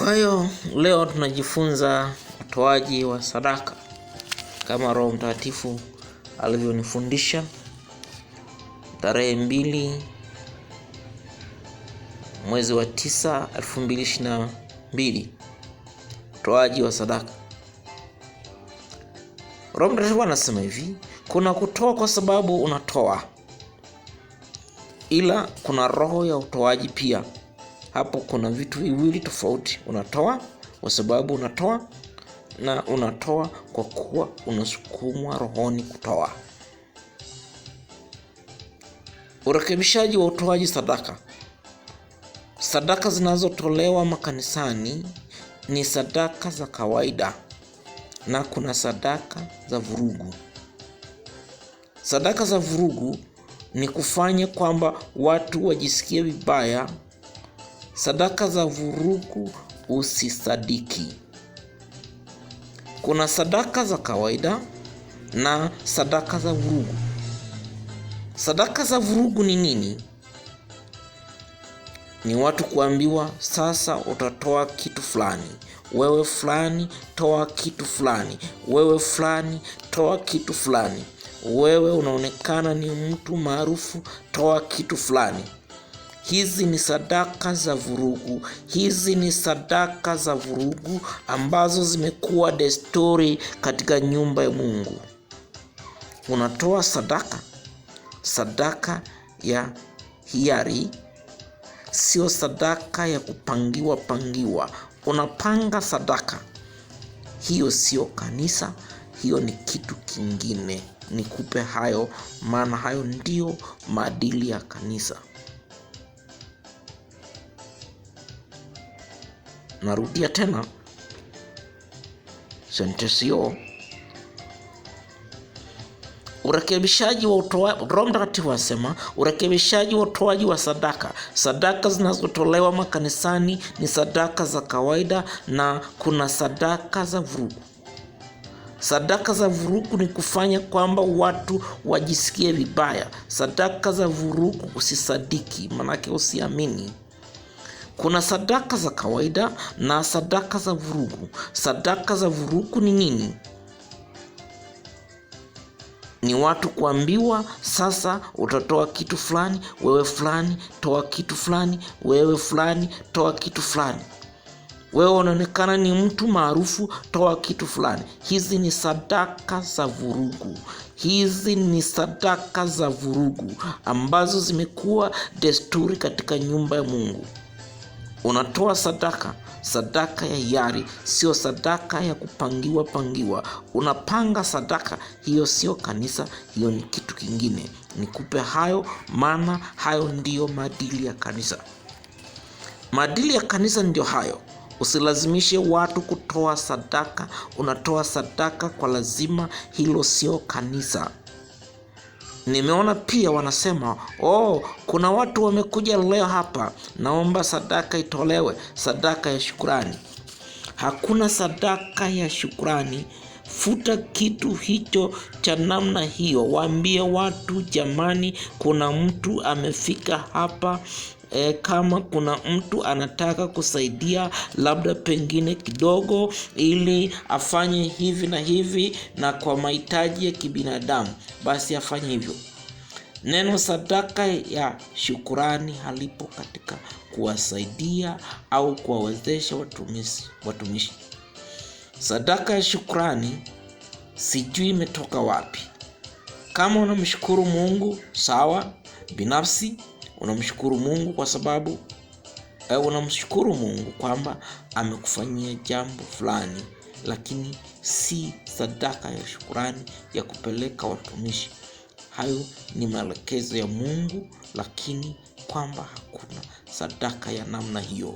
Kwa hiyo leo tunajifunza utoaji wa sadaka kama Roho Mtakatifu alivyonifundisha tarehe mbili mwezi wa tisa elfu mbili ishirini na mbili utoaji wa sadaka. Roho Mtakatifu anasema hivi, kuna kutoa kwa sababu unatoa, ila kuna roho ya utoaji pia hapo kuna vitu viwili tofauti, unatoa kwa sababu unatoa na unatoa kwa kuwa unasukumwa rohoni kutoa. Urekebishaji wa utoaji sadaka. Sadaka zinazotolewa makanisani ni sadaka za kawaida na kuna sadaka za vurugu. Sadaka za vurugu ni kufanya kwamba watu wajisikie vibaya Sadaka za vurugu usisadiki. Kuna sadaka za kawaida na sadaka za vurugu. Sadaka za vurugu ni nini? Ni watu kuambiwa sasa utatoa kitu fulani, wewe fulani toa kitu fulani, wewe fulani toa kitu fulani, wewe unaonekana ni mtu maarufu, toa kitu fulani. Hizi ni sadaka za vurugu, hizi ni sadaka za vurugu ambazo zimekuwa desturi katika nyumba ya Mungu. Unatoa sadaka, sadaka ya hiari, sio sadaka ya kupangiwa pangiwa. Unapanga sadaka hiyo, sio kanisa, hiyo ni kitu kingine. Nikupe hayo, maana hayo ndio maadili ya kanisa. narudia tena sentensi. Urekebishaji wa Roho Mtakatifu asema, urekebishaji wa utoaji wa sadaka. Sadaka zinazotolewa makanisani ni sadaka za kawaida na kuna sadaka za vurugu. Sadaka za vurugu ni kufanya kwamba watu wajisikie vibaya. Sadaka za vurugu, usisadiki, maanake usiamini. Kuna sadaka za kawaida na sadaka za vurugu. Sadaka za vurugu ni nini? Ni watu kuambiwa sasa, utatoa kitu fulani, wewe fulani toa kitu fulani, wewe fulani toa kitu fulani, wewe unaonekana ni mtu maarufu, toa kitu fulani. Hizi ni sadaka za vurugu. Hizi ni sadaka za vurugu ambazo zimekuwa desturi katika nyumba ya Mungu. Unatoa sadaka, sadaka ya hiari, sio sadaka ya kupangiwa pangiwa. Unapanga sadaka hiyo, sio kanisa, hiyo ni kitu kingine. Nikupe hayo, maana hayo ndiyo maadili ya kanisa. Maadili ya kanisa ndiyo hayo. Usilazimishe watu kutoa sadaka. Unatoa sadaka kwa lazima, hilo sio kanisa. Nimeona pia wanasema oh, kuna watu wamekuja leo hapa, naomba sadaka itolewe, sadaka ya shukurani. Hakuna sadaka ya shukurani. Futa kitu hicho cha namna hiyo. Waambie watu, jamani, kuna mtu amefika hapa e, kama kuna mtu anataka kusaidia labda pengine kidogo, ili afanye hivi na hivi, na kwa mahitaji ya kibinadamu, basi afanye hivyo. Neno sadaka ya shukurani halipo katika kuwasaidia au kuwawezesha watumishi, watumishi. Sadaka ya shukurani sijui imetoka wapi. Kama unamshukuru Mungu sawa, binafsi unamshukuru Mungu kwa sababu eh, unamshukuru Mungu kwamba amekufanyia jambo fulani, lakini si sadaka ya shukurani ya kupeleka watumishi. Hayo ni maelekezo ya Mungu, lakini kwamba hakuna sadaka ya namna hiyo.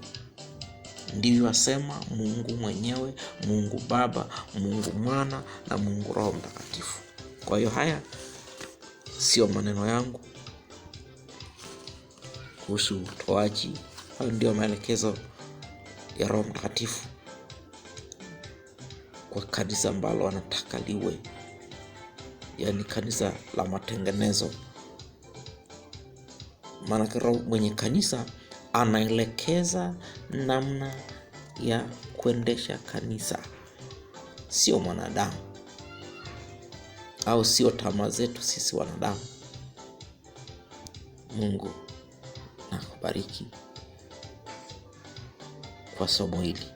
Ndivyo asema Mungu mwenyewe, Mungu Baba, Mungu Mwana na Mungu Roho Mtakatifu. Kwa hiyo haya siyo maneno yangu, kuhusu utoaji. Hayo ndio maelekezo ya Roho Mtakatifu kwa kanisa ambalo wanataka liwe, yaani kanisa la matengenezo. Maanake mwenye kanisa anaelekeza namna ya kuendesha kanisa, sio mwanadamu au sio tamaa zetu sisi wanadamu. Mungu Bariki. Façam ele